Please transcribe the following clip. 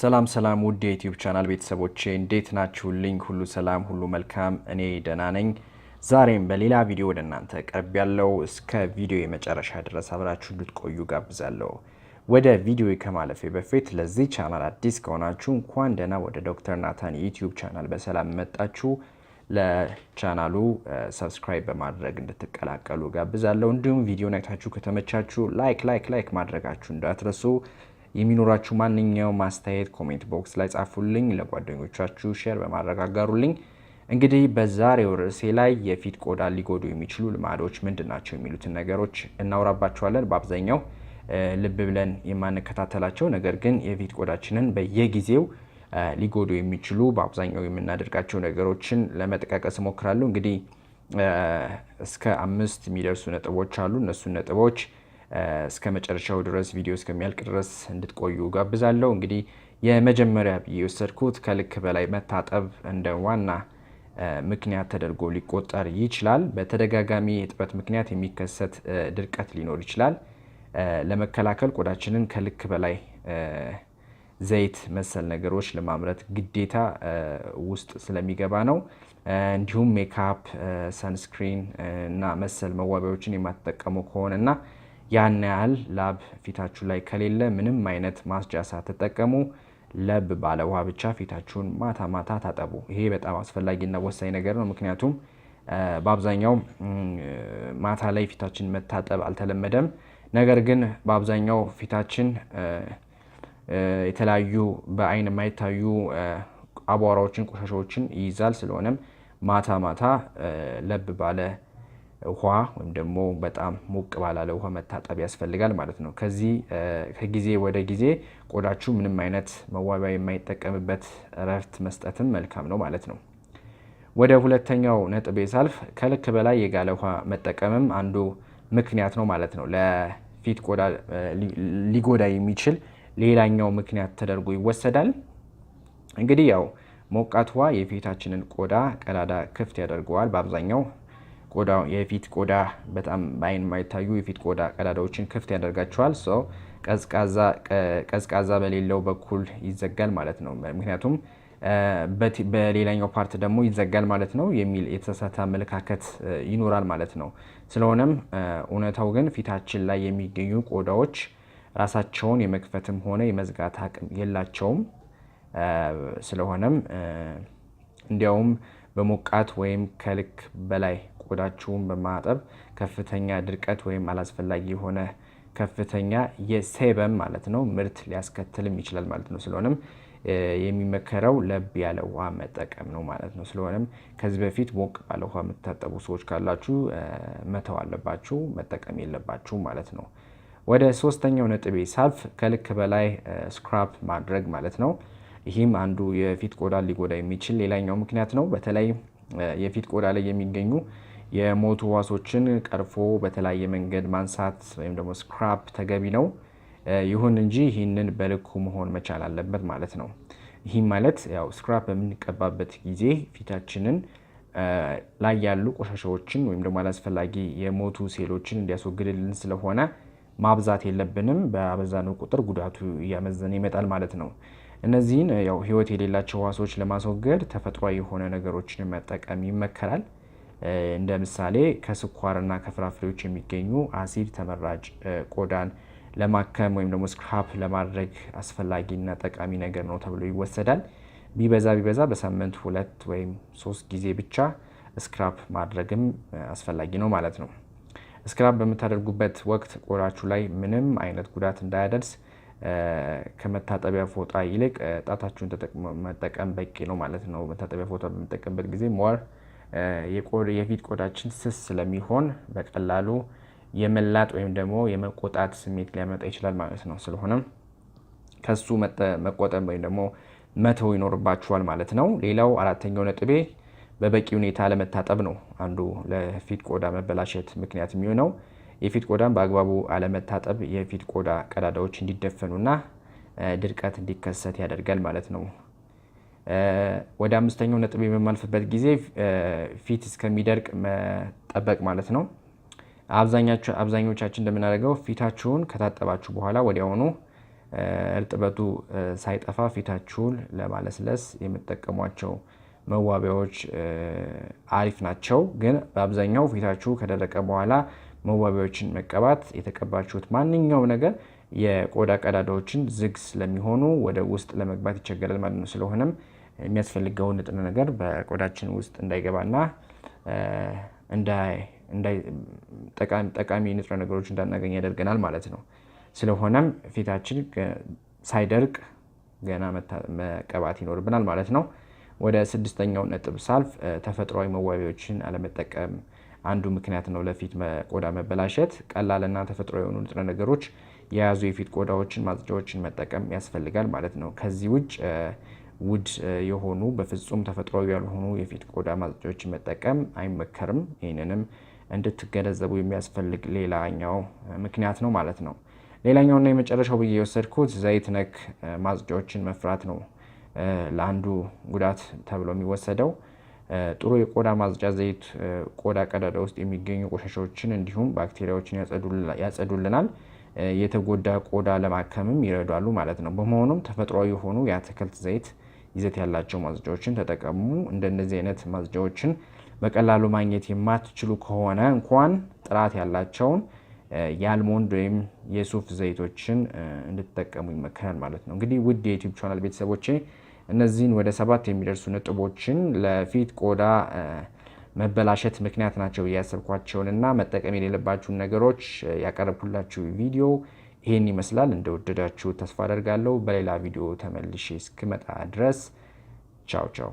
ሰላም ሰላም ውድ የዩትዩብ ቻናል ቤተሰቦቼ እንዴት ናችሁልኝ? ሁሉ ሰላም፣ ሁሉ መልካም። እኔ ደህና ነኝ። ዛሬም በሌላ ቪዲዮ ወደ እናንተ ቀርብ ያለው እስከ ቪዲዮ የመጨረሻ ድረስ አብራችሁ እንድትቆዩ ጋብዛለሁ። ወደ ቪዲዮ ከማለፌ በፊት ለዚህ ቻናል አዲስ ከሆናችሁ እንኳን ደህና ወደ ዶክተር ናታን ዩትዩብ ቻናል በሰላም መጣችሁ። ለቻናሉ ሰብስክራይብ በማድረግ እንድትቀላቀሉ ጋብዛለሁ። እንዲሁም ቪዲዮ ነግታችሁ ከተመቻችሁ ላይክ ላይክ ላይክ ማድረጋችሁ እንዳትረሱ የሚኖራችሁ ማንኛውም ማስተያየት ኮሜንት ቦክስ ላይ ጻፉልኝ፣ ለጓደኞቻችሁ ሼር በማድረግ አጋሩልኝ። እንግዲህ በዛሬው ርዕሴ ላይ የፊት ቆዳ ሊጎዱ የሚችሉ ልማዶች ምንድን ናቸው የሚሉትን ነገሮች እናውራባቸዋለን። በአብዛኛው ልብ ብለን የማንከታተላቸው ነገር ግን የፊት ቆዳችንን በየጊዜው ሊጎዱ የሚችሉ በአብዛኛው የምናደርጋቸው ነገሮችን ለመጠቃቀስ እሞክራለሁ። እንግዲህ እስከ አምስት የሚደርሱ ነጥቦች አሉ። እነሱን ነጥቦች እስከ መጨረሻው ድረስ ቪዲዮ እስከሚያልቅ ድረስ እንድትቆዩ ጋብዛለሁ። እንግዲህ የመጀመሪያ ብዬ የወሰድኩት ከልክ በላይ መታጠብ እንደ ዋና ምክንያት ተደርጎ ሊቆጠር ይችላል። በተደጋጋሚ እጥበት ምክንያት የሚከሰት ድርቀት ሊኖር ይችላል። ለመከላከል ቆዳችንን ከልክ በላይ ዘይት መሰል ነገሮች ለማምረት ግዴታ ውስጥ ስለሚገባ ነው። እንዲሁም ሜካፕ፣ ሰንስክሪን እና መሰል መዋቢያዎችን የማትጠቀሙ ከሆነ እና ያን ያህል ላብ ፊታችሁ ላይ ከሌለ ምንም አይነት ማስጃ ሳትጠቀሙ ለብ ባለ ውሃ ብቻ ፊታችሁን ማታ ማታ ታጠቡ። ይሄ በጣም አስፈላጊና ወሳኝ ነገር ነው። ምክንያቱም በአብዛኛው ማታ ላይ ፊታችን መታጠብ አልተለመደም። ነገር ግን በአብዛኛው ፊታችን የተለያዩ በአይን የማይታዩ አቧራዎችን፣ ቆሻሻዎችን ይይዛል። ስለሆነም ማታ ማታ ለብ ባለ ውሃ ወይም ደግሞ በጣም ሞቅ ባላለ ውሃ መታጠብ ያስፈልጋል ማለት ነው። ከዚህ ከጊዜ ወደ ጊዜ ቆዳችሁ ምንም አይነት መዋቢያ የማይጠቀምበት እረፍት መስጠትም መልካም ነው ማለት ነው። ወደ ሁለተኛው ነጥቤ ሳልፍ ከልክ በላይ የጋለ ውሃ መጠቀምም አንዱ ምክንያት ነው ማለት ነው። ለፊት ቆዳ ሊጎዳ የሚችል ሌላኛው ምክንያት ተደርጎ ይወሰዳል። እንግዲህ ያው ሞቃት ውሃ የፊታችንን ቆዳ ቀዳዳ ክፍት ያደርገዋል በአብዛኛው ቆዳው የፊት ቆዳ በጣም በአይን የማይታዩ የፊት ቆዳ ቀዳዳዎችን ክፍት ያደርጋቸዋል። ቀዝቃዛ በሌለው በኩል ይዘጋል ማለት ነው። ምክንያቱም በሌላኛው ፓርት ደግሞ ይዘጋል ማለት ነው የሚል የተሳሳተ አመለካከት ይኖራል ማለት ነው። ስለሆነም እውነታው ግን ፊታችን ላይ የሚገኙ ቆዳዎች ራሳቸውን የመክፈትም ሆነ የመዝጋት አቅም የላቸውም። ስለሆነም እንዲያውም በሞቃት ወይም ከልክ በላይ ቆዳችሁን በማጠብ ከፍተኛ ድርቀት ወይም አላስፈላጊ የሆነ ከፍተኛ የሴበም ማለት ነው ምርት ሊያስከትልም ይችላል ማለት ነው። ስለሆነም የሚመከረው ለብ ያለ ውሃ መጠቀም ነው ማለት ነው። ስለሆነም ከዚህ በፊት ሞቅ ባለ ውሃ የምትታጠቡ ሰዎች ካላችሁ መተው አለባችሁ፣ መጠቀም የለባችሁ ማለት ነው። ወደ ሶስተኛው ነጥቤ ሳልፍ ከልክ በላይ ስክራፕ ማድረግ ማለት ነው። ይህም አንዱ የፊት ቆዳ ሊጎዳ የሚችል ሌላኛው ምክንያት ነው። በተለይ የፊት ቆዳ ላይ የሚገኙ የሞቱ ህዋሶችን ቀርፎ በተለያየ መንገድ ማንሳት ወይም ደግሞ ስክራፕ ተገቢ ነው። ይሁን እንጂ ይህንን በልኩ መሆን መቻል አለበት ማለት ነው። ይህም ማለት ያው ስክራፕ በምንቀባበት ጊዜ ፊታችንን ላይ ያሉ ቆሻሻዎችን ወይም ደግሞ አላስፈላጊ የሞቱ ሴሎችን እንዲያስወግድልን ስለሆነ ማብዛት የለብንም። በአበዛነው ቁጥር ጉዳቱ እያመዘነ ይመጣል ማለት ነው። እነዚህን ያው ህይወት የሌላቸው ህዋሶች ለማስወገድ ተፈጥሯዊ የሆነ ነገሮችን መጠቀም ይመከራል። እንደ ምሳሌ ከስኳርና ከፍራፍሬዎች የሚገኙ አሲድ ተመራጭ ቆዳን ለማከም ወይም ደግሞ ስክራፕ ለማድረግ አስፈላጊና ጠቃሚ ነገር ነው ተብሎ ይወሰዳል። ቢበዛ ቢበዛ በሳምንት ሁለት ወይም ሶስት ጊዜ ብቻ ስክራፕ ማድረግም አስፈላጊ ነው ማለት ነው። ስክራፕ በምታደርጉበት ወቅት ቆዳችሁ ላይ ምንም አይነት ጉዳት እንዳያደርስ ከመታጠቢያ ፎጣ ይልቅ ጣታችሁን መጠቀም በቂ ነው ማለት ነው። መታጠቢያ ፎጣ በምንጠቀምበት ጊዜ ሞር የፊት ቆዳችን ስስ ስለሚሆን በቀላሉ የመላጥ ወይም ደግሞ የመቆጣት ስሜት ሊያመጣ ይችላል ማለት ነው። ስለሆነም ከሱ መቆጠብ ወይም ደግሞ መተው ይኖርባችኋል ማለት ነው። ሌላው አራተኛው ነጥቤ በበቂ ሁኔታ ለመታጠብ ነው። አንዱ ለፊት ቆዳ መበላሸት ምክንያት የሚሆነው የፊት ቆዳን በአግባቡ አለመታጠብ የፊት ቆዳ ቀዳዳዎች እንዲደፈኑና ድርቀት እንዲከሰት ያደርጋል ማለት ነው። ወደ አምስተኛው ነጥብ የምናልፍበት ጊዜ ፊት እስከሚደርቅ መጠበቅ ማለት ነው። አብዛኞቻችን እንደምናደርገው ፊታችሁን ከታጠባችሁ በኋላ ወዲያውኑ እርጥበቱ ሳይጠፋ ፊታችሁን ለማለስለስ የምጠቀሟቸው መዋቢያዎች አሪፍ ናቸው። ግን በአብዛኛው ፊታችሁ ከደረቀ በኋላ መዋቢያዎችን መቀባት፣ የተቀባችሁት ማንኛውም ነገር የቆዳ ቀዳዳዎችን ዝግ ስለሚሆኑ ወደ ውስጥ ለመግባት ይቸገራል ማለት ነው። ስለሆነም የሚያስፈልገውን ንጥረ ነገር በቆዳችን ውስጥ እንዳይገባና ጠቃሚ ንጥረ ነገሮች እንዳናገኝ ያደርገናል ማለት ነው። ስለሆነም ፊታችን ሳይደርቅ ገና መቀባት ይኖርብናል ማለት ነው። ወደ ስድስተኛው ነጥብ ሳልፍ ተፈጥሯዊ መዋቢያዎችን አለመጠቀም አንዱ ምክንያት ነው ለፊት ቆዳ መበላሸት። ቀላልና ተፈጥሮ የሆኑ ንጥረ ነገሮች የያዙ የፊት ቆዳዎችን ማጽጃዎችን መጠቀም ያስፈልጋል ማለት ነው። ከዚህ ውጭ ውድ የሆኑ በፍጹም ተፈጥሯዊ ያልሆኑ የፊት ቆዳ ማጽጃዎችን መጠቀም አይመከርም። ይህንንም እንድትገነዘቡ የሚያስፈልግ ሌላኛው ምክንያት ነው ማለት ነው። ሌላኛውና የመጨረሻው ብዬ የወሰድኩት ዘይት ነክ ማጽጃዎችን መፍራት ነው ለአንዱ ጉዳት ተብሎ የሚወሰደው ጥሩ የቆዳ ማጽጃ ዘይት ቆዳ ቀዳዳ ውስጥ የሚገኙ ቆሻሻዎችን እንዲሁም ባክቴሪያዎችን ያጸዱልናል። የተጎዳ ቆዳ ለማከምም ይረዳሉ ማለት ነው። በመሆኑም ተፈጥሯዊ የሆኑ የአትክልት ዘይት ይዘት ያላቸው ማጽጃዎችን ተጠቀሙ። እንደነዚህ አይነት ማጽጃዎችን በቀላሉ ማግኘት የማትችሉ ከሆነ እንኳን ጥራት ያላቸውን የአልሞንድ ወይም የሱፍ ዘይቶችን እንድትጠቀሙ ይመከራል ማለት ነው። እንግዲህ ውድ የዩቲዩብ ቻናል ቤተሰቦቼ እነዚህን ወደ ሰባት የሚደርሱ ነጥቦችን ለፊት ቆዳ መበላሸት ምክንያት ናቸው እያሰብኳቸውንና መጠቀም የሌለባችሁን ነገሮች ያቀረብኩላችሁ ቪዲዮ ይህን ይመስላል። እንደወደዳችሁ ተስፋ አደርጋለሁ። በሌላ ቪዲዮ ተመልሼ እስክመጣ ድረስ ቻው ቻው።